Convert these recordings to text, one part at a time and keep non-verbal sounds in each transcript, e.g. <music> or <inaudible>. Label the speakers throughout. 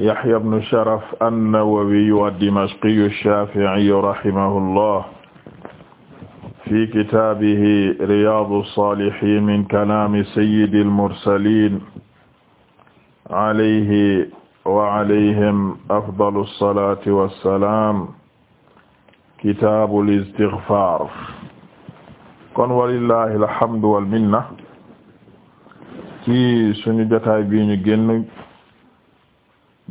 Speaker 1: Yahya ibn Sharaf an-Nawawiyu ad-Dimashqiyu ash-Shafi'iyu rahimahullah fi kitaabihi Riyaadu s-Saalihiin min kalaami sayyidil mursaliin alayhi wa alayhim afdalu s-salaati wa s-salaam kitaabul istighfaar kon walillahi alhamdu wal minna ci suñu jotaay bi ñu génn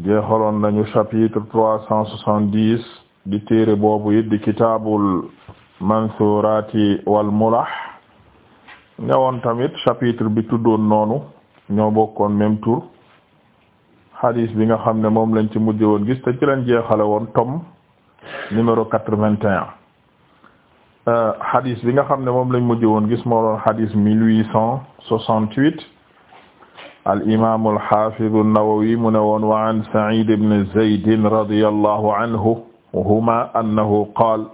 Speaker 1: jeexaloon nañu chapitre trois cent soixante-dix di téere boobu it di kitaabul mansurati wal mulah ñëwoon tamit chapitre bi tuddoon noonu ñoo bokkoon même tour hadith bi nga xam ne moom lañ ci mujj woon gis te ci lañ jeexale woon tome numéro quatre-vingt-un euh, hadith bi nga xam ne moom lañ mujj woon gis moo doon hadith mille huit الإمام الحافظ النووي mu ne woon وعن سعيد بن زيد رضي الله عنهما أنه قال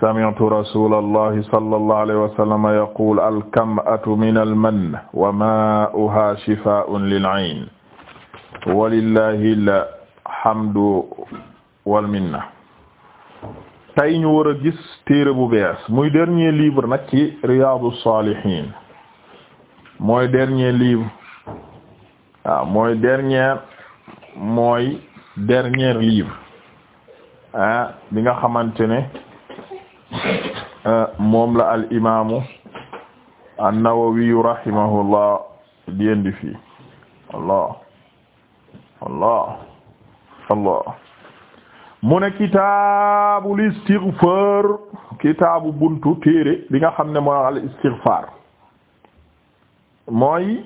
Speaker 1: سمعت رسول الله صلى الله عليه وسلم يقول الكمأة من المن وماؤها شفاء للعين ولله الحمد والمنة tey ñu war a gis téere bu bees muy dernier livre nag ci Riyâdous-Sâlihîne mooy dernier livre waaw mooy dernière mooy dernier livre ah bi nga xamante ne euh, moom la al imaamu an-Nawawi rahimahullah di indi fii allah allah allah mu ne kitaabul istighfar kitaabu buntu téere bi nga xam ne mooy al istighfar mooy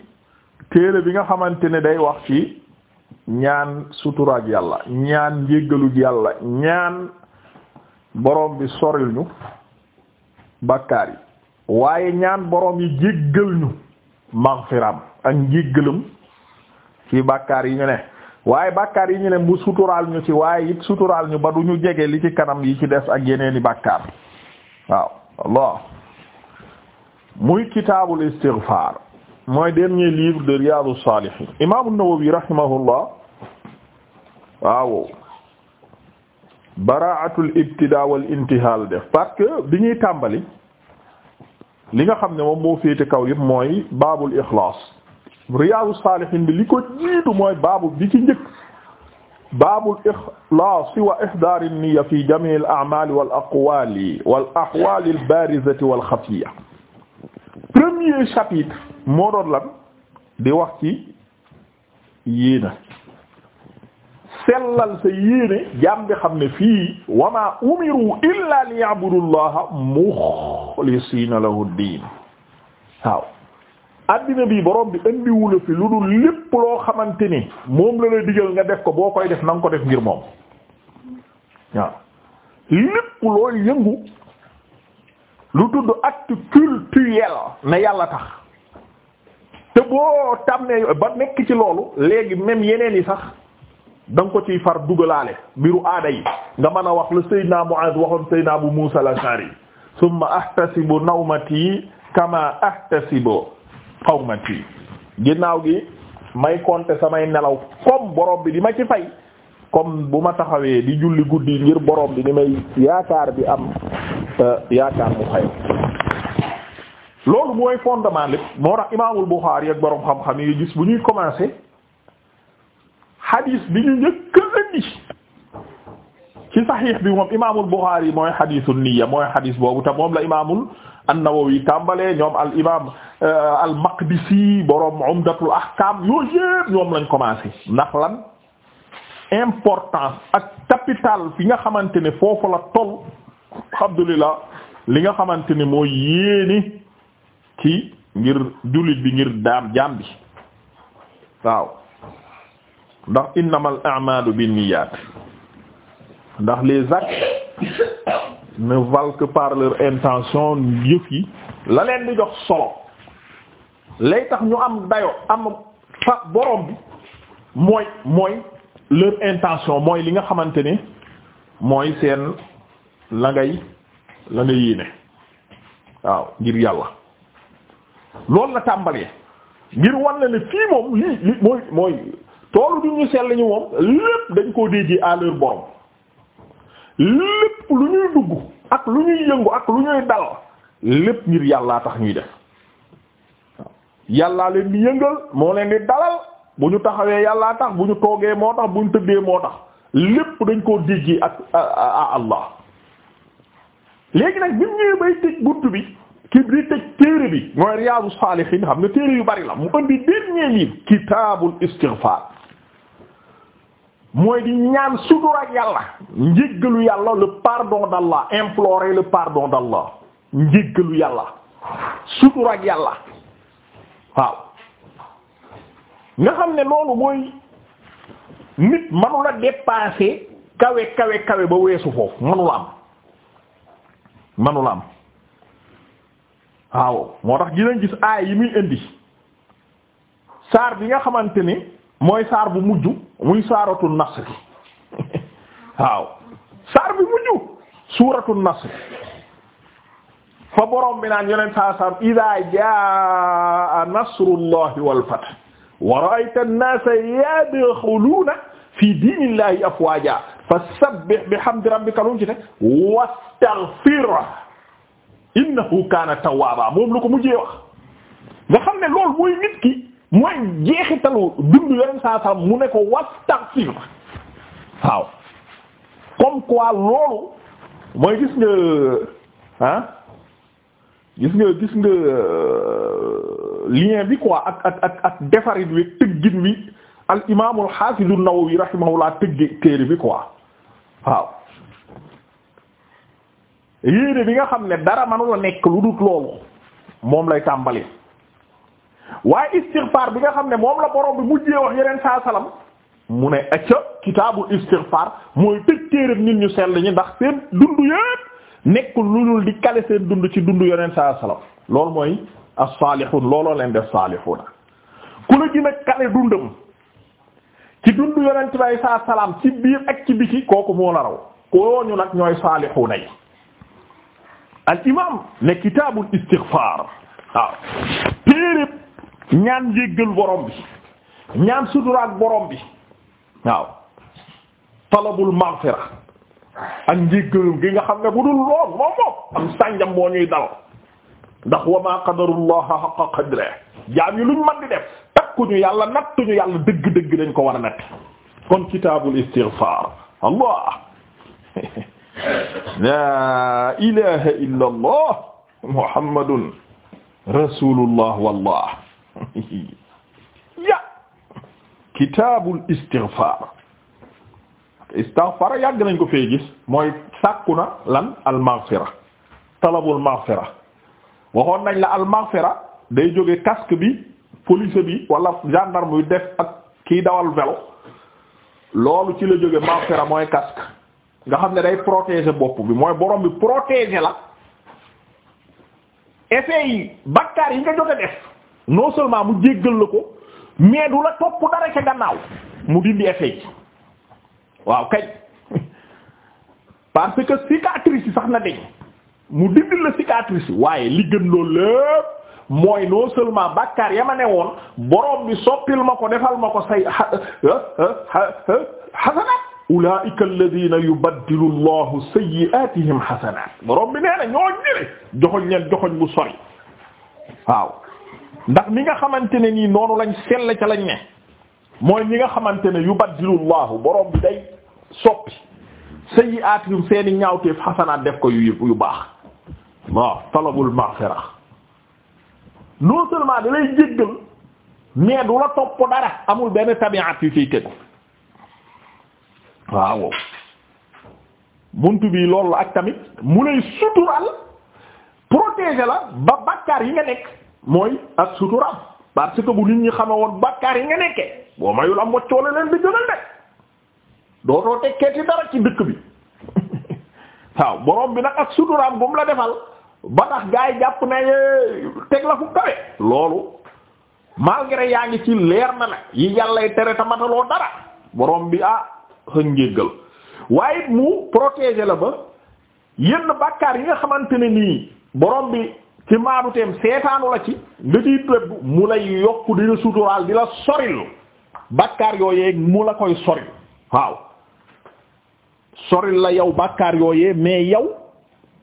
Speaker 1: téere bi nga xamante ne day wax ci ñaan suturaak yàlla ñaan njéggaluk yàlla ñaan borom bi soril ñu bàkkaar yi waaye ñaan borom yi jéggal ñu maghfiram ak njéggalam ci bàkkaar yi ñu ne waaye bàkkaar yi ñu ne mu suturaal ñu ci waaye it suturaal ñu ba du ñu jege li ci kanam yi ci des ak yeneeni bàkkaar waaw Allah muy kitaabul istighfar mooy dernier livre de Riyadou Salihine imaamu Nawawi rahimahullah waaw bara'atul ibtidaa wal intihaal def parce que bi ñuy tàmbali li nga xam ne moom moo féete kaw yëpp mooy baabul ixlaas Riyadou Salihine bi li ko jiitu mooy baabu bi ci njëkk baabul ixlaas wa ihdaari niyya fi jamiil a'maal wal aqwaal wal al baarizati wal xafiyya moo doon lan di wax ci yéena sellal sa yéene jaam bi xam ne fii wa ma umiru illa li ya'budu allaha muxlisina lahu diin waaw addina bi borom bi andiwula fi lu dul lépp loo xamante ni moom la la digal nga def ko boo koy def na ko def ngir moom waaw lépp looy yëngu lu tudd acte cultuel na yàlla tax te boo tàmmee ba nekk ci loolu léegi même yeneen yi sax da nga ko ciy far dugalaale mbiru aada yi nga mën a wax la mu Muaz waxoon Seydina Abu Musa al-Ash'ari summa ahtasibu nawmati kama ahtasibu qawmati ginnaaw gi may compter samay nelaw comme borom bi di ma ci fay comme bu ma taxawee di julli guddi ngir borom bi ni may yaakaar bi am euh, yaakaar mu xëy loolu mooy fondement lépp moo tax imaamul Buxaari ak borom xam-xam yi bu ñuy commencer hadith bi ñu njëkk a ci saxiix bi moom imaamul Buxaari mooy hadithul niyya mooy hadith boobu te moom la imaamul an-Nawawi tàmbalee ñoom al imaam euh, al Maqdisi borom Umdatul Ahkaam yooyu yëpp ñoom lañ commencer ndax lan importance ak capital fi nga xamante ne foofu la toll alhamdulillah li nga xamante ni mooy yéene. ci ngir jullit bi ngir daam jaam bi waaw ndax innamal a'malu binniyat ndax les actes ne valent par leur intention yëf yi la leen di jox solo lay tax ñu am dayo am fa borom bi mooy mooy leur intention mooy li nga xamante ni mooy seen la ngay la nga yéene waaw ngir yàlla loolu na tàmbalee ngir wan la ne fii moom lii li mooy mooy toolu du ñu sell ñu moom lépp dañ koo déggee à leur lépp lu ñuy dugg ak lu ñuy yëngu ak lu ñuy dal lépp ngir yàlla tax ñuy def yàllaa leen di yëngal moo leen di dalal bu ñu taxawee yàllaa tax bu ñu toogee moo tax bu ñu tëddee moo tax lépp dañ koo déggee ak à Allah léegi nag bi mu bay tëj buntu bi. kibri tëj téere bi mooy Riyadu Salihin xam ne téere yu bari la mu indi dernier livre kitaabul istighfar mooy di ñaan sudur yàlla njéggalu yàlla le pardon d'Allah implorer le pardon d'Allah njéggalu yàlla sudur yàlla waaw nga xam ne loolu mooy nit manula dépasser kawe kawe kawe ba weesu foofu manula am manula am waaw moo tax dinañ gis aay yi muy indi saar bi nga xamante ni mooy saar bu mujj muy saaratu nasr <laughs> waaw saar bi mujj suuratu nasr fa borom bi naan yonent saa saam idaa jaa nasrullahi wal fath wa ra'ayta an-naasa yadkhuluuna fi diinillahi afwaaja fasabbih bihamdi rabbika lu mu ci teg wastaghfirhu innahu kaana tawwaaba moom lu ko mujjee wax nga xam ne loolu mooy nit ki mooy jeexitalu dund yeneen saa saa mu ne ko wastaghfir waaw comme quoi loolu mooy gis nga ah gis nga gis nga euh, lien bi quoi ak ak ak ak wi tëggin wi al imaamul xaafidu Nawawi rahimahullah tëgg téere bi quoi waaw yéene bi nga xam ne dara manula nekk lu dut loolu moom lay tàmbali waaye istighfar bi nga xam ne moom la borom bi mujjee wax yeneen saa salam mu ne acca kitaabul istighfar mooy tëj téeréb nit ñu sell ñi ndax seen dund yépp nekk lu dul di kale seen dund ci dund yeneen saa salam loolu mooy as looloo leen def salihuna ku la gën a kale dundam ci dund yonent bay saa salaam ci biir ak ci biti kooku moo la raw kooñu nag ñooy saalixuuna al imam ne kitaabul istighfar waaw ñaan njéggal borom bi ñaan suturaak borom bi waaw talabul maghfira ak njéggal gi nga xam ne bu dul lool moom moom am sànjam boo ñuy dal ndax wa ma qadarullaha haqqa qadri jaam yi luñ mën di def takkuñu yàlla nattuñu yàlla dëgg-dëgg dañ ko war a natt kon kitaabul istighfar allah <laughs> la ilaha illa allah muhammadun rasulullah wallah <laughs> ya kitaabul istighfar istighfar yàgg nañ ko fee mooy sàkku lan almaghfira talabul maghfira waxoon nañ la almaghfira day jóge casque bi police bi wala gendarme yu def ak kiy dawal vélo loolu ci la jóge maghfira mooy casque nga xam ne day protéger bopp bi mooy borom bi protéger la effet yi bakkaar yi nga jot def non seulement mu jéggal la ko mais du la topp dara ca gannaaw mu dindi effet yi waaw kay <laughs> parce que cicatrice sax na deñ mu dindi la cicatrice yi waaye li gën loolu lépp mooy non seulement bàkkaar ya ma ne woon borom bi soppil ma ko defal ma ko say xasanaat ulaa'ika alladhiina yubaddilu Allahu sayyi'aatihim hasanaat borom bi nee na ñoo ñëwee joxoñ leen joxoñ bu sori waaw ndax ni nga xamante ne nii noonu lañ sell ca lañ ne mooy ñi nga xamante ne yubaddilu Allahu borom bi day soppi sayyi'aatihim seeni ñaawteef hasanaat def ko yu yu baax waaw talabul maghfira non seulement da lay jéggal mais du la topp dara amul benn tabi'at yu ciy tegu. waaw buntu bi loolu la ak tamit mu lay sutural protéger la ba bakkaar yi nga nekk mooy ak suturam parce que bu nit ñi xame woon bakkaar yi nga nekke boo mayul am la leen bi gënal de dootoo tekkee ci dara ci dëkk bi <laughs> waaw borom bi nag ak suturaam bu mu la defal ba tax gaa yi jàpp na teg la fu kawe loolu malgré yaa ngi ci leer na nag yi yàllay tere tamataloo dara borom bi ah xëy njéggal waaye mu protéger la ba yenn bàkkaar yi nga xamante ne nii borom bi ci maanuteem seetaanu la ci nga ciy dëbb mu lay yokk di la suturaal di la soril bàkkaar yooyee mu la koy soril waaw soril la yow bàkkaar yooyee mais yow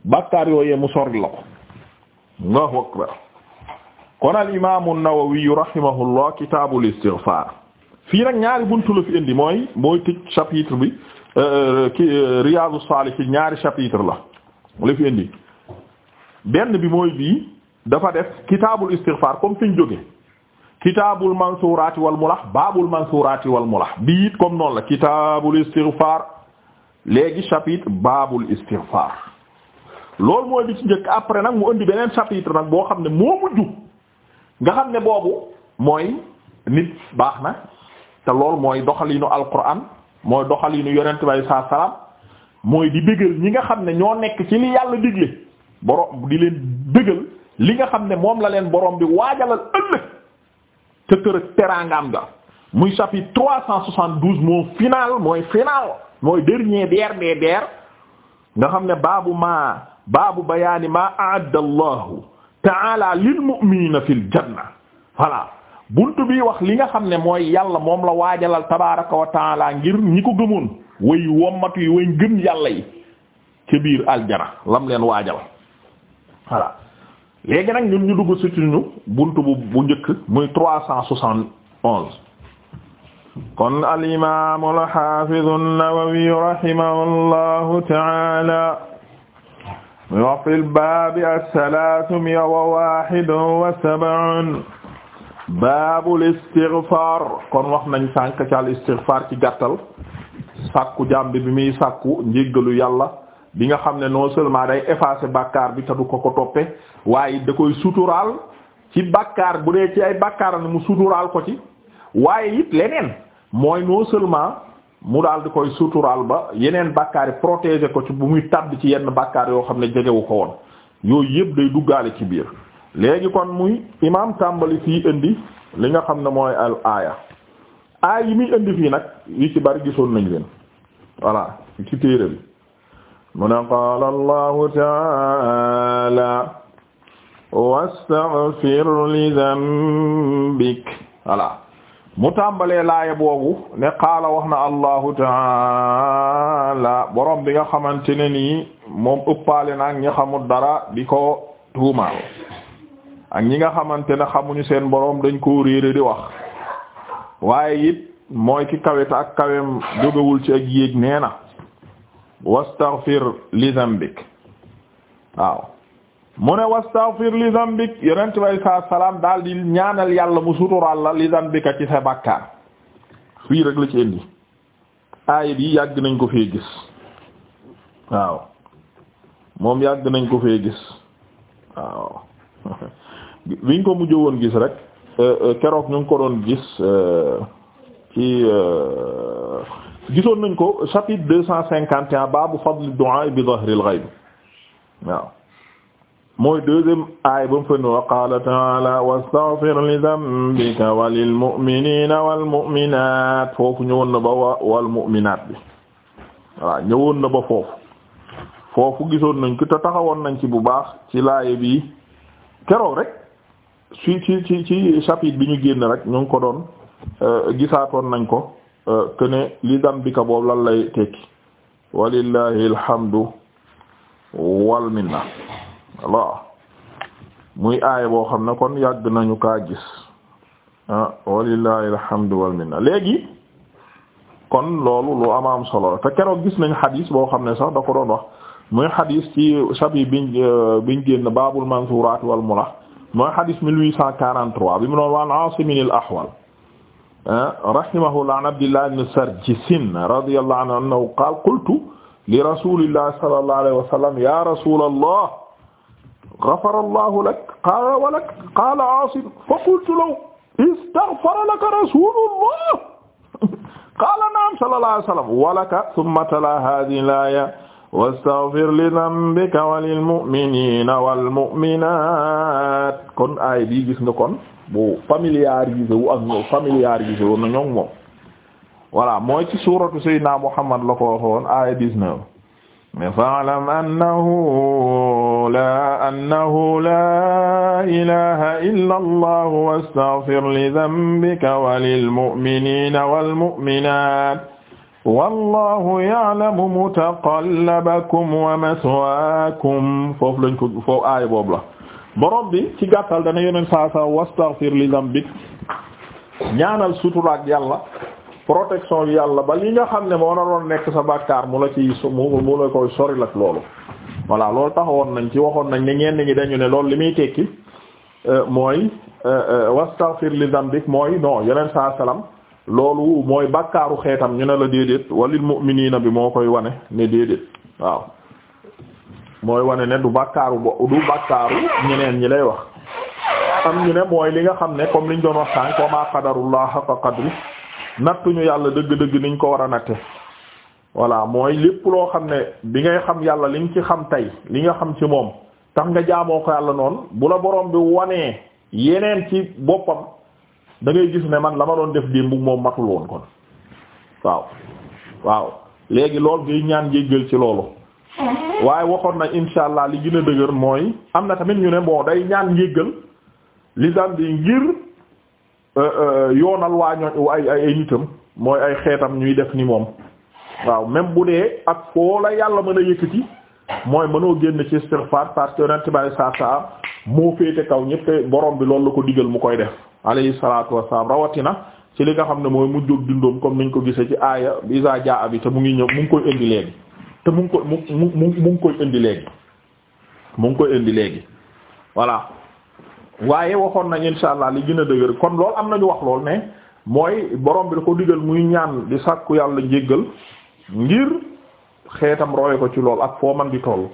Speaker 1: bàkkaar yooyee mu soril la ko Allahu akbar kon al imaamu Nawawi rahimahullah kitaabul istighfaar fii nag ñaari buntu la fi indi mooy mooy tëj chapitre bi euh, euh, ki euh, Riyâdous-Sâlihîne ñaari chapitre la la fi indi benn bi mooy bii dafa def kitaabul istighfar comme fi ñu jóge kitaabul mansuraati wal mulah baabul mansuraati wal mulah bii it comme noonu la kitaabul istighfar léegi chapitre baabul istighfar loolu mooy bi ci njëkk après nag mu indi beneen chapitre nag boo xam ne moo mujj nga xam ne boobu mooy nit baax na te lool mooy doxalinu alquran mooy doxalinu yonent bay saa salaam mooy di bégal ñi nga xam ne ñoo nekk ci li yàlla digle borom di leen bégal li nga xam ne moom la leen borom bi waajalal ëllëg te kër ak ga muy chapitre trois cent soixante-douze moo final mooy final mooy dernier der des der nga xam ne baabu ma baabu bayaani ma a'adda allahu ta'ala lil mu'minina fil janna voilà buntu bi wax li nga xam ne mooy yàlla moom la waajalal tabaaraka wa taala ngir ñi ko gëmoon way wommatu yi way gëm yàlla yi ca biir aljana lam leen waajal voilà léegi nag ñun ñu dugg sutuñu buntu bu bu njëkk muy trois cent soixante onze kon al imaamu al xaafidu an-Nawawi rahimahu allahu taala muy wax fil baabi as-salaasumi'a wa waahidun wa sab'un baabul istighfar kon wax nañ sànq ci al istighfar ci gàttal sàkku jàmbi bi muy sàkku njégalu yàlla bi nga xam ne noo seulement day effacer bàkkaar bi te du ko ko toppe waaye da koy suturaal ci bàkkaar bu dee ci ay bàkkaar ne mu suturaal ko ci waaye it leneen mooy non seulement mu daal di koy suturaal ba yeneen bàkkaar yi ko ci bu muy tàbb ci yenn bàkkaar yoo xam ne jegewu ko woon yooyu yëpp day duggaale ci biir léegi kon muy imaam tàmbali fii indi li nga xam na mooy al aaya aay yi muy indi fii nag yi ci bari gisoon nañ leen voilà ci téere bi mu ne qaala allahu taala wastaghfir li dambik voilà mu tàmbalee laaya boobu ne qaala wax na allahu taala borom bi nga xamante ne nii moom ëppaale naag ñi xamul dara di ko tuumaal ak ñi nga xamante ne xamuñu seen boroom dañ koo réere di wax waaye it mooy ki kaweta ak kawem jógawul ci ak yéeg nee na wastaghfir li zambik waaw mu ne wastaghfir li zambik yonent bay saa salaam daal di ñaanal yàlla mu suturaal la li zambika ci sa bàkkaar fii rek la ci indi aayit yi yàgg nañ ko fee gis waaw moom yàgg nañ ko fee gis waaw <laughs> biñ ko mu woon gis rek euh, euh, keroog ñu ngi ko doon gis euh, ci gisoon nañ ko chapitre deux cent cinquante et un baabu fadl du'a bi dhahril ghaib waaw mooy deuxième aay ba mu fenn wa qaala ta'ala wastaghfir li dhanbika walil mu'minina wal mu'minat foofu ñëwoon na ba wa wal mu'minat bi voilà ñëwoon na ba foofu foofu gisoon nañ ko te taxawoon nañ ci bu baax ci laaye bi keroog rek ci ci ci ci bi ñu génn rek ñu ngi ko doon euh, gisaatoon nañ ko euh, que ne li dambika boobu lan lay tekki walillahi alhamdu wal minna muy aaya boo xam ne kon yàgg nañu kaa gis ah walillahi alhamdu wal minna léegi kon loolu lu am solo te keroog gis nañ xadis boo xam ne sax da ko doon wax muy xadis ci chapitre bi euh, biñ génn baabul mansuuraat wal mula mooy xadis 1843 bi mu doon waan Aasim al Ahwal ah, rahimahullah an Abdillah ibn Sarjis radiyallahu anhu annahu qaala qultu li rasulillah sallallahu alayhi wa sallam ya rasulallah ghafara allahu lak qaala wa lak qaala Aasim fa qultu law istaghfara laka rasulullah <laughs> qaala na'am sallallahu alayhi wa sallam wa laka thumma tala hadhihi al-aaya wastaghfir li dhanbika walil mu'minina wal mu'minat kon aay bii gis nga kon bu familiarisé wu ak ñoom familiarisé wu na ñoom moom voilà mooy ci suuratu sayyidina Muhammad la ko waxoon aaya dix-neuf mais fa'lam annahu la annahu la ilaha illa allah wastaghfir li dhanbika walil mu'minina wal mu'minat wallahu ya'lamu mutaqallabakum wa maswaakum foofu lañ ko foofu aay boobu la borom bi ci gàttal dana yoneen saa saa wastaghfir li dambik ñaanal suturaak yàlla protection bi yàlla ba li nga xam ne moo naroon nekk sa bàkkaar mu la ci mu mu la koy soril ak loolu voilà loolu taxawoon nañ ci waxoon nañ ne ñenn ñi ñu ne loolu li muy tekki euh, mooy euh, euh, wastaghfir li dambik mooy non yeneen saa salaam loolu mooy bàkkaaru xeetam ñu ne la déedéet walil mu'minina bi moo koy wane ne déedéet waaw mooy wane ne du bàkkaaru bo du bàkkaaru ñeneen ñi lay wax am ñu ne mooy li nga xam ne comme liñ doon wax sànq wa ma qadarullah haqqa qadri nattuñu yàlla dëgg-dëgg niñ ko war a natte voilà mooy lépp loo xam ne bi ngay xam yàlla liñ ci xam tey li nga xam ci moom tax nga jaamoo ko yàlla noon bu la borom bi wanee yeneen ci boppam da ngay gis ne man la ma doon def démb moom matul woon kon waaw waaw léegi lool ngay ñaan jéggal ci loolu waaye waxoon na insha allah li gën a dëgër mooy am na tamit ñu ne bon day ñaan njéggal li daan bi ngir euh, euh, yoonal waa ñooñ ay ay nitam mooy ay xeetam ñuy def ni moom waaw même bu dee ak foo yàlla mën a yëkkati mooy mënoo génn ci istighfar parce que yonent bi saa saa moo féete kaw ñépp borom bi loolu la ko digal mu koy def alayhi salaatu wassalaam rawatina ci li nga xam ne mooy mu jóg dindoom comme niñ ko gisee ci aaya isa jaa bi te mu ngi ñëw mu ngi koy indi léegi te mu ngi koy mu mu indi léegi mu ngi koy indi léegi voilà waaye waxoon nañ insha allah li gën a dëgër kon loolu am na ñu wax lool ne mooy borom bi da ko digal muy ñaan di sàkku yàlla jéggal ngir xeetam roye ko ci lool ak foo man di toll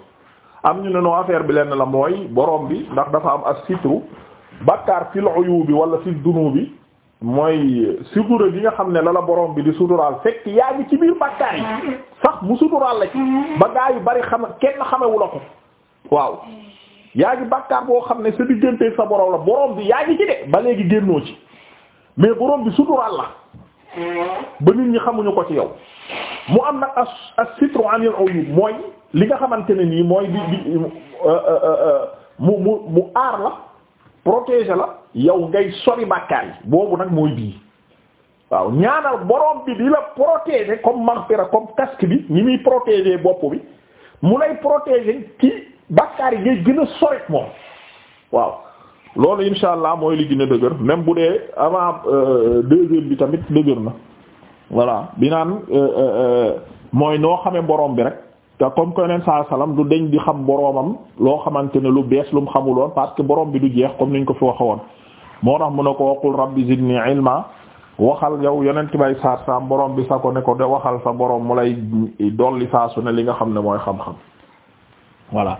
Speaker 1: am ñu ne noo affaire bi lenn la mooy borom bi ndax dafa am ak sitru bàkkaar fil uyubi wala fil bi mooy sutura gi nga xam ne la la borom bi di suturaal fekk yaa ngi ci biir bàkkaar yi sax mu suturaal la ci ba gaa yu bari xam kenn xamewu la ko waaw yaa ngi bàkkaar boo xam ne sa diggante sa borom la borom bi yaa ngi ci de ba léegi génnoo ci mais borom bi suturaal la ba nit ñi xamuñu ko ci yow mu am nag as as sitru anil uyub mooy li nga xamante ne nii mooy di di euh, euh, euh, mu mu mu aar la protéger la yow ngay sori bàkkaar yi boobu nag mooy bii waaw ñaanal borom bi di la protéger comme maghfira comme casque bi ñi muy protéger bopp bi mu lay protéger ki bàkkaar yi ngay gën a sori moom waaw loolu insha allah mooy li gën a dëgër même bu dee avant euh, deux heures bi tamit dëgër na voilà bi naan euh, euh, mooy noo xamee borom bi rek te comme que yeneen saa salaam du deñ di xam boroomam loo xamante ne lu bees lu mu xamuloon parce que borom bi du jeex comme niñ ko fi waxe moo tax mu ne ko waqul rabbi zidni ilma waxal yow yonent bay saar saam borom bi sa ko ne ko de waxal sa borom mu lay dolli saasu su ne li nga xam ne mooy xam-xam voilà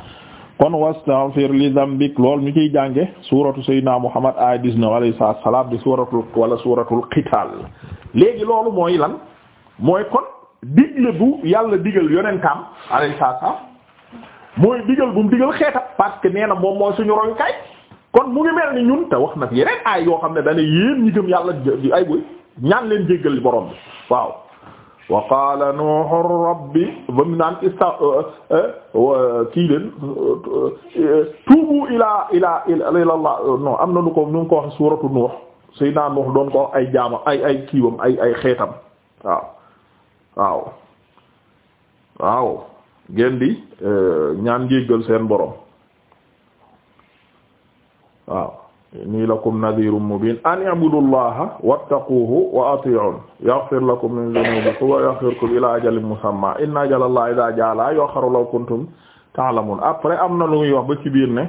Speaker 1: kon wastaghfir li dhanbik lool ñu ciy jànge suuratu sayyidina muhammad ay dix-neuf alayhi salaam di suratul wala suratul qital léegi loolu mooy lan mooy kon digle bu yàlla digal yonentam alayhi salaam mooy digal bu mu digal xeetam parce que nee na moom mooy suñu royukaay kon mu ngi mel ni ñun te wax na yeneen ay yoo xam ne dana yéen ñi gëm yàlla ay buy ñaan leen jéggal borom bi waaw wa qaala nuuhu rabbi ba mu naan ista euh, euh, euh, kii leen tuubu ilaa ilaa ilaa allah non am na nu ko nu ngi ko wax suuratu nuux Seydina Nuux doon ko ay jaamam ay ay kiiwam ay ay xeetam waaw waaw waaw ngeen di eh, ñaan njéggal seen borom waaw inni lakum nadhirun mubin an i'budullaha wattaquhu wa ati'un yaghfir lakum min dhunubikum wa yaghfirkum ila ajalin musamma inna ajalallahi idha ja'a la yu'akhkharu law kuntum ta'lamun après am na lu muy wax ba ci biir ne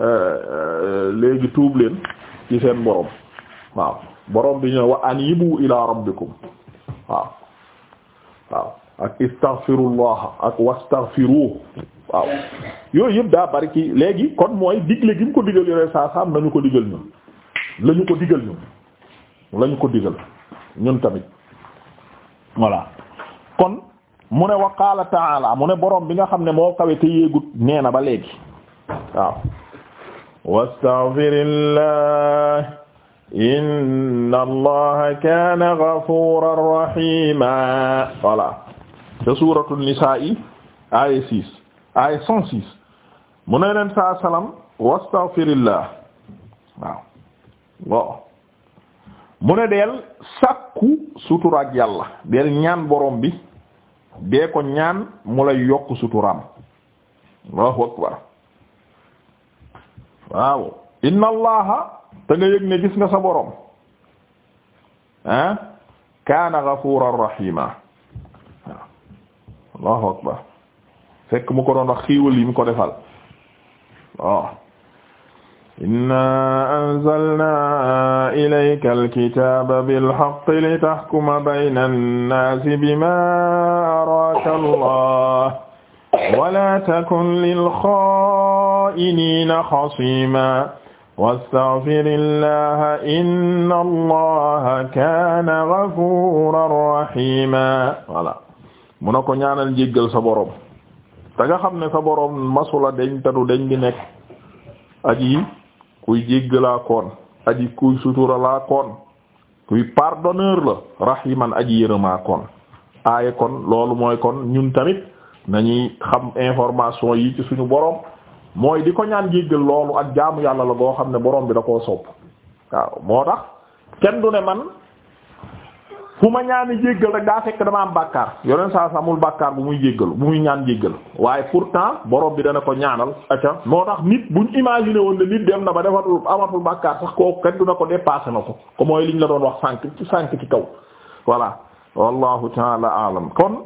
Speaker 1: eh, eh, léegi tuub leen ci seen borom waaw borom bi ñu wa anibu ila rabbikum ak istaghfirullah ak wastaghfiru yooyu yëpp daa bari ci léegi kon mooy digle gi mu ko digal yore saa ko digal lañu ko digal ñun lañu ko digal ñun tamit voilà kon mu ne wa qaala ta'ala mu ne borom bi nga xam ne moo kawe te yéegut na ba léegi waaw wastaghfirillah inna allaha kaana ghafuuran rahiima voilà te suuratu nisaa yi aaya six cent six mu ne leen saa salaam wastaghfirillah waaw bon mu ne deel sàkku suturaak yàlla deel ñaan borom bi dee ko ñaan mu lay yokk suturaam allahu akbar waaw inna te nga yëg ne gis nga sa borom ah kaana ghafuuran rahiima allahu akbar fekk mu ko doon wax xiiwal yi mu ko defal waaw inna anzalna ilayka alkitaba bilhaqqi litaxkuma bayna annaasi bima araaka allah wala takun lilxaa'iniina xasiima wastaghfirillaha inna allaha kaana gafuuran rahiima voilà mu na ko ñaanal njéggal sa boroom te xam ne sa boroom masula deñ te du deñ di nekk aji kuy jéggalaa koon aji kuy suturalaa koon kuy pardonneur la man aji yërëmaa koon aaye kon loolu mooy kon ñun tamit nañuy xam information yi ci suñu boroom mooy di ko ñaan jéggal loolu ak jaamu yàlla la goo xam ne boroom bi da koo sopp waaw moo tax kenn du ne man fu ma ñaani jéggal rek daa fekk dama am bàkkaar yoneen saa sa amul bàkkaar bu muy jéggal bu muy ñaan jéggal waaye pourtant borom bi dana ko ñaanal aca moo tax nit buñ imaginer woon ne nit dem na ba defatul amatul bàkkaar sax kooku kenn duna ko dépassé na ko ko mooy liñ la doon wax sànk ci sànk ci kaw voilà wallahu taala kon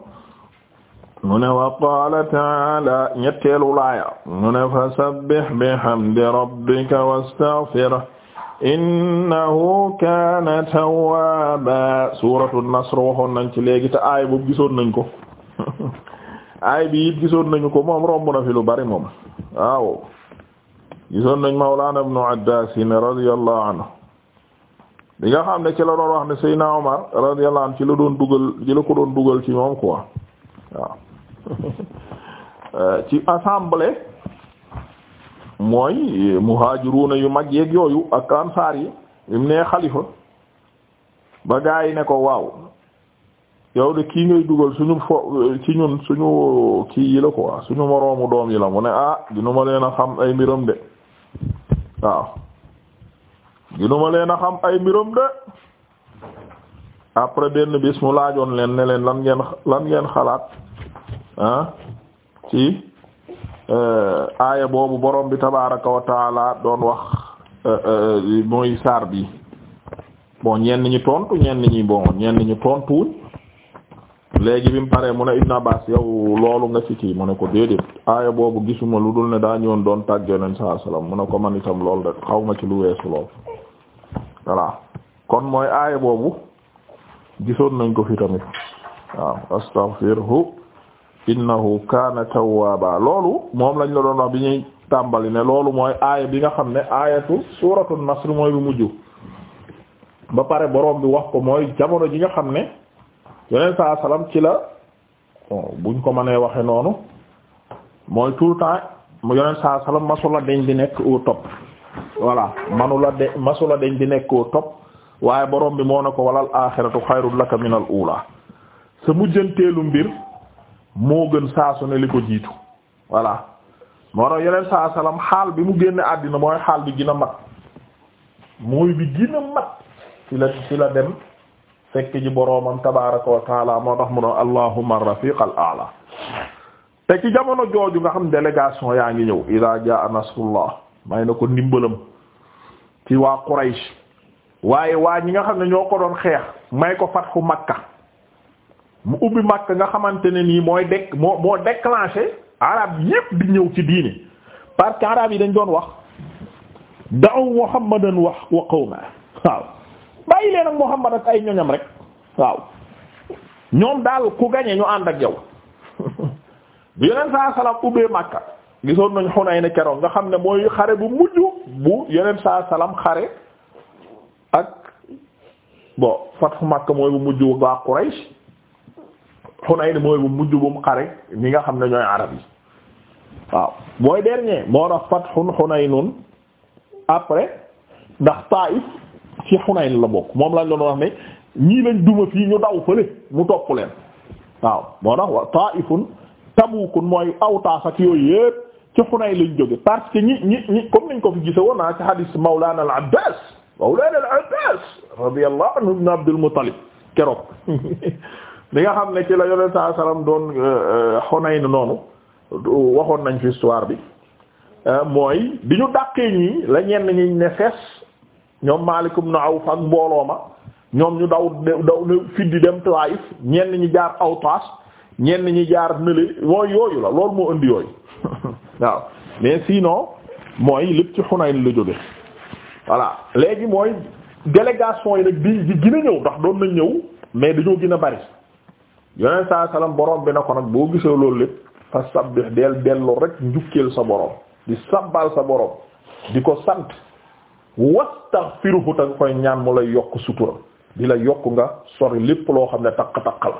Speaker 1: mu ne wa qaala taala ñetteelu laaya mu ne fa sabbih bihamdi rabbika wastaghfirhu innahu kaana tawwaaba suuratu nasr waxoon nañ ci léegi te aay boobu gisoon nañ ko <laughs> aay bi it gisoon nañu ko moom romb na fi lu bari moom waaw gisoon nañ mawlaana ibnu Abbaas radiyallahu anhu li nga xam ne ci la doon wax ne Seydina Omar radiyallahu anhu ci la doon dugal ci la ko doon dugal ci moom quoi waaw <laughs> uh, ci assemblée mooy muhaajiruuna yu mag yeeg yooyu ak ansaar yi im nee xalifa ba gaa yi ne ko waaw yow de kii ngay dugal suñu fo ci ñun suñu kii yi la quoi suñu moroomu doom yi la mu ne ah dinu ma leen a xam ay mbiram de waaw dinu ma leen a xam ay mbiram de après benn bis mu laajoon leen ne leen lan ngeen lan ngeen xalaat ah ci Euh, aaya boobu borom bi tabaraka wa taala doon wax euh, euh, mooy saar bi bon ñenn ñi tontu ñenn ñi bon ñenn ñi tontuwuñ léegi bi mu paree mu ne Ibn Abbas yow loolu nga ci kii mu ne ko déedéet aaya boobu gisuma lu dul ne daa ñëwoon doon tàgg yoneen saa salaam mun a ko man itam loolu rek xaw ma ci lu weesu lool voilà kon mooy aaya boobu gisoon nañ ko fi tamit waaw astaghfirhu innahu kaana tawwaaba loolu moom lañ la doon wax bi ñuy tàmbali ne loolu mooy aaya bi nga xam ne aayatu suuratu nasr mooy bu mujj ba pare borom bi wax ko mooy jamono ji nga xam ne yeneen saa salaam ci la buñ ko mënee waxee noonu mooy tout le temps mu yeneen saa salaam masula deñ di nekk au top voilà manula de masula deñ di nekk au top waaye borom bi moo ne ko walal aaxiratu xayrul laka uulaa sa mujjanteelu mbir. moo gën saa su li ko jiitu voilà moo tax yeneen saa salaam xaal bi mu génne àddina mooy xaal bi gën a mat mooy bi gën mat ci la ci la dem fekk ji boroomam tabaaraka wa moo tax mu ne allahumma rafiqal a'la te ci jamono jooju nga xam délégation yaa ngi ñëw idaa jaa nasrullah may na ko ndimbalam ci waa waaye waa ñi nga xam ne ñoo ko doon xeex may ko fatxu Makka mu ubbi Makka nga xamante ne nii mooy dekk moo moo déclenché arab yépp di ñëw ci diini parce que arab yi dañ doon wax da'u Muhammadan wax wa qawma waaw bàyyi leen ak Muhammad ak ay ñoñam rek waaw ñoom daal ku gañe ñu ànd ak yow <laughs> bi yeneen saa salaam ubbee Makka gisoon nañ Hunayn keroog nga xam ne mooy xare bu mujj bu yeneen saa salaam xare ak bon Fathu Makka mooy bu mujj waa Quraysh Hunayn mooy bu mujj bu mu xare ñi nga xam ne ñooy arab yi waaw mooy dernier moo tax fathun Hunaynun après ndax Taif ci Hunayn la bokk moom lañ doon wax ne ñii lañ duma fii ñu daw fële mu topp leen waaw moo tax wa Taifun Tabukun mooy Awtaas ak yooyu yépp ci Hunayn lañ jóge parce que ñi ñi ñi comme nañ ko fi gise naa ah ci hadith Mawlana al-Abbas Mawlana al-Abbas radiyallahu anhu ibn Abdul Muttalib keroog <laughs> li nga xam ne ci la yonent saa salaam doon euh, euh, Hunayn noonu waxoon nañ fi histoire bi euh, mooy bi ñu dàqee ñii la ñenn ñi ne fees ñoom Maalik ibn Awf ak mbooloo ma ñoom ñu daw daw na di dem Taayif ñenn ñi jaar Awtaas ñenn ñi jaar nële yooyu la loolu moo indi yooyu <laughs> waaw mais sinon mooy lépp ci Hunayn la jóge voilà léegi mooy délégation yi nag di di gën ñëw ndax doon na ñëw mais dañoo gën a bari yoneen saa salaam borom bi na ko nag boo gisee loolu lépp fa sabbih del dellu rek njukkeel sa borom di sabbal sa borom di ko sant wastaghfiruhu te nga koy ñaan mu lay yokk sutura di la yokk nga sori lépp loo xam ne takk-takk la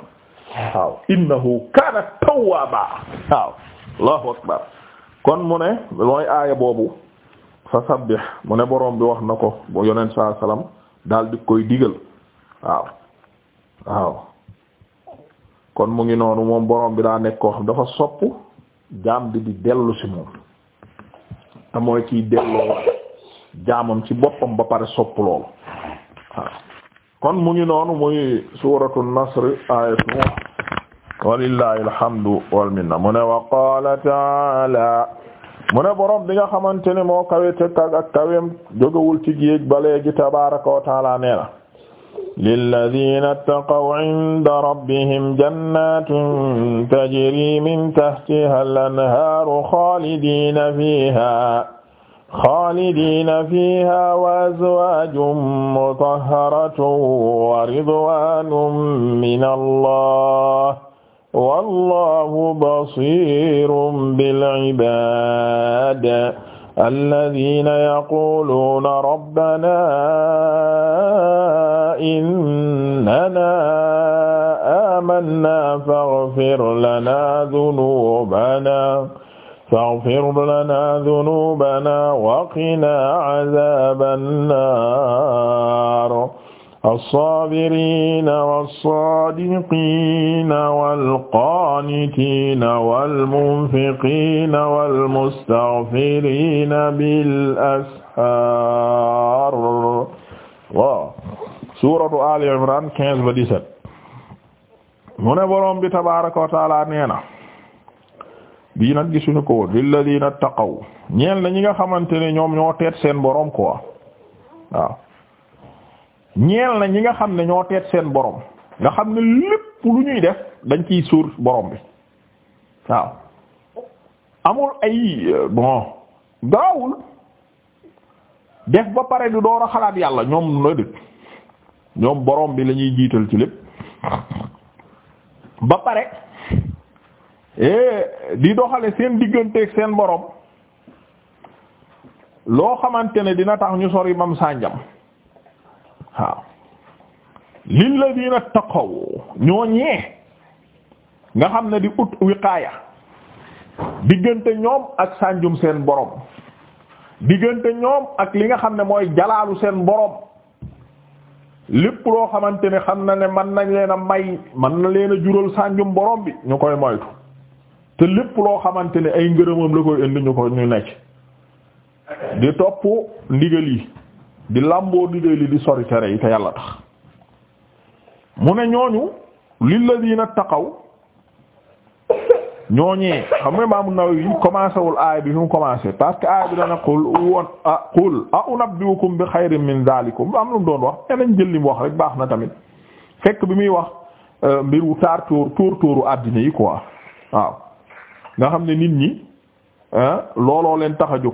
Speaker 1: waaw innahu kaana tawwaaba waaw allahu akbar kon mu ne mooy aaya boobu fa sabbih mu ne borom bi wax na ko bu yoneen saa salaam daal di koy digal waaw waaw kon mu ngi noonu moom borom bi daa nekk koo xam dafa sopp jaam bi di dellu ci moom te mooy kiy delloo jaamam ci boppam ba pare sopp loolu waaw kon mu ngi noonu muy suuratu nasr ayatu walillahi alhamdu wal minna mu ne wa bi nga xamante ne moo kawe te ak jógawul ci géej ba léegi tabaaraka wa taala nee na lilladina ttaqaw inda rabbihim jannatun tajri min tahtiha al-anhaaru xaalidina fiihaa xaalidina fiihaa wa azwaajun mutahharatun wa ridwaanun mina llaah wallaahu basiirun bil cibaad الذين يقولون ربنا إننا آمنا فاغفر لنا ذنوبنا فاغفر لنا ذنوبنا وقنا عذاب النار as-saabiriina was-saadiqiina wal-qaanitiina wal-munfiqiina wal-mustaghfiriina bil-ashaar waaw suuratu Aali Imraan 15 ba 17 mu ne Boroom bi tabaaraka wa ta'aala nee na bii nag gisuñu ko woon lilladiina taqaw ñeel na ñi nga xamante ne ñoom ñoo teet seen boroom quoi waaw ñeel na ñi nga xam ne ñoo teet seen boroom nga xam ne lépp lu ñuy def dañ ciy suur boroom bi waaw amul ay euh, bon gaawul def ba pare du a xalaat yàlla ñoom la ñoom borom bi la ñuy jiital ci lépp ba pare eh, di doxale seen digganteeg seen boroom loo xamante ne dina tax ñu sori mam sànjam waaw lilladina taqaw ñooñee nga xam ne di ut wiqaaya diggante ñoom ak sànjum seen boroom diggante ñoom ak li nga xam ne mooy jalaalu seen boroom lépp loo xamante ne xam na ne man nañ leen a may man na leen a jural sànjum borom bi ñu koy moytu te lépp loo xamante ne ay ngërëmam la koy indi ñu ko ñu nekk di topp ndigal yi di làmboo digal li di sori tere yi te yàlla tax mu ne ñooñu lilladiina taqaw ñooñee xam nga Imaam Nawawi commencé wul aay bi fi mu commencé parce que aay bi dana qul woon ah qul a unabbiukum bi xayrin min ko am lu mu doon wax yeneen jël li mu wax rek baax na tamit fekk bi muy wax euh, mbiru taar tóor tóor tóoru àddina yi quoi waaw nga xam ne nit ñi looloo leen tax a jóg.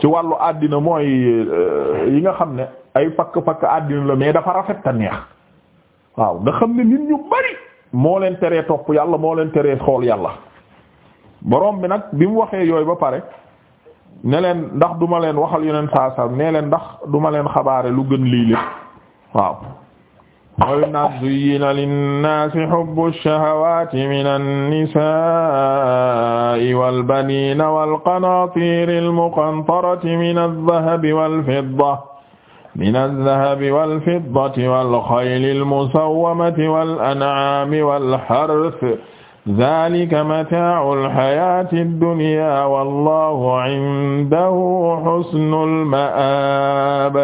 Speaker 1: ci wàllu àddina mooy euh, yi nga xam ne ay fakk-fakk àddina la mais dafa rafet ta neex waaw nga xam ne nit ñu bari moo leen teree topp yàlla moo leen tere xool yàlla borom bi nag bi mu waxee yooyu ba pare ne ndax duma leen waxal yeneen saa saa ne leen ndax duma leen xabaare lu gën lii lépp waaw mooy naan zuyyina linnaasi hubbu shahawaati mina nisaa'i wal baniina wal qanaatiiril muqantarati mina zahabi wal fidda mina zahabi wal fiddati wal xaylil musawwamati wal an'aami wal harthi zaalika mataa'ul hayaatid dunyaa wallaahu 'indahu husnul ma'aab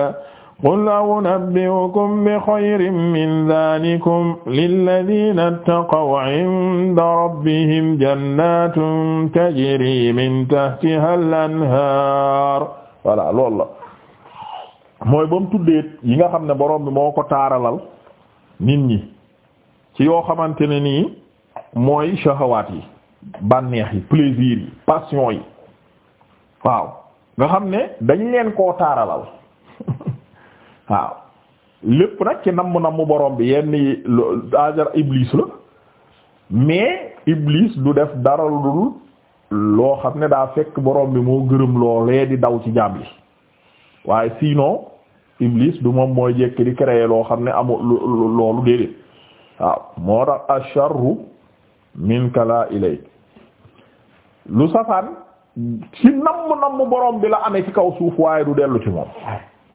Speaker 1: qul aw nabbi'ukum bi xayrin min daalikum lilladiina ittaqaw inda rabbihim jannaatun tajrii min tahtihal anhaar voilà loolu la mooy ba mu tuddee yi nga xam ne borom bi moo ko taaralal nit ñi ci yoo xamante ne nii mooy shahawaat yi bànneex yi plaisir yi passion yi waaw nga xam ne dañ leen koo taaralal <laughs> waaw lépp nag ci namm namm borom bi yenn yi ajar iblis la mais iblis du def dara lu loo xam ne daa fekk boroom bi moo gërëm loolee di daw ci jaam yi waaye sinon iblis du moom mooy jekk di créer loo xam ne amul loolu déedéet waaw moo tax asharru minka la ilay lu safaan ci namm namm borom bi la amee ci kaw suuf waaye du dellu ci moom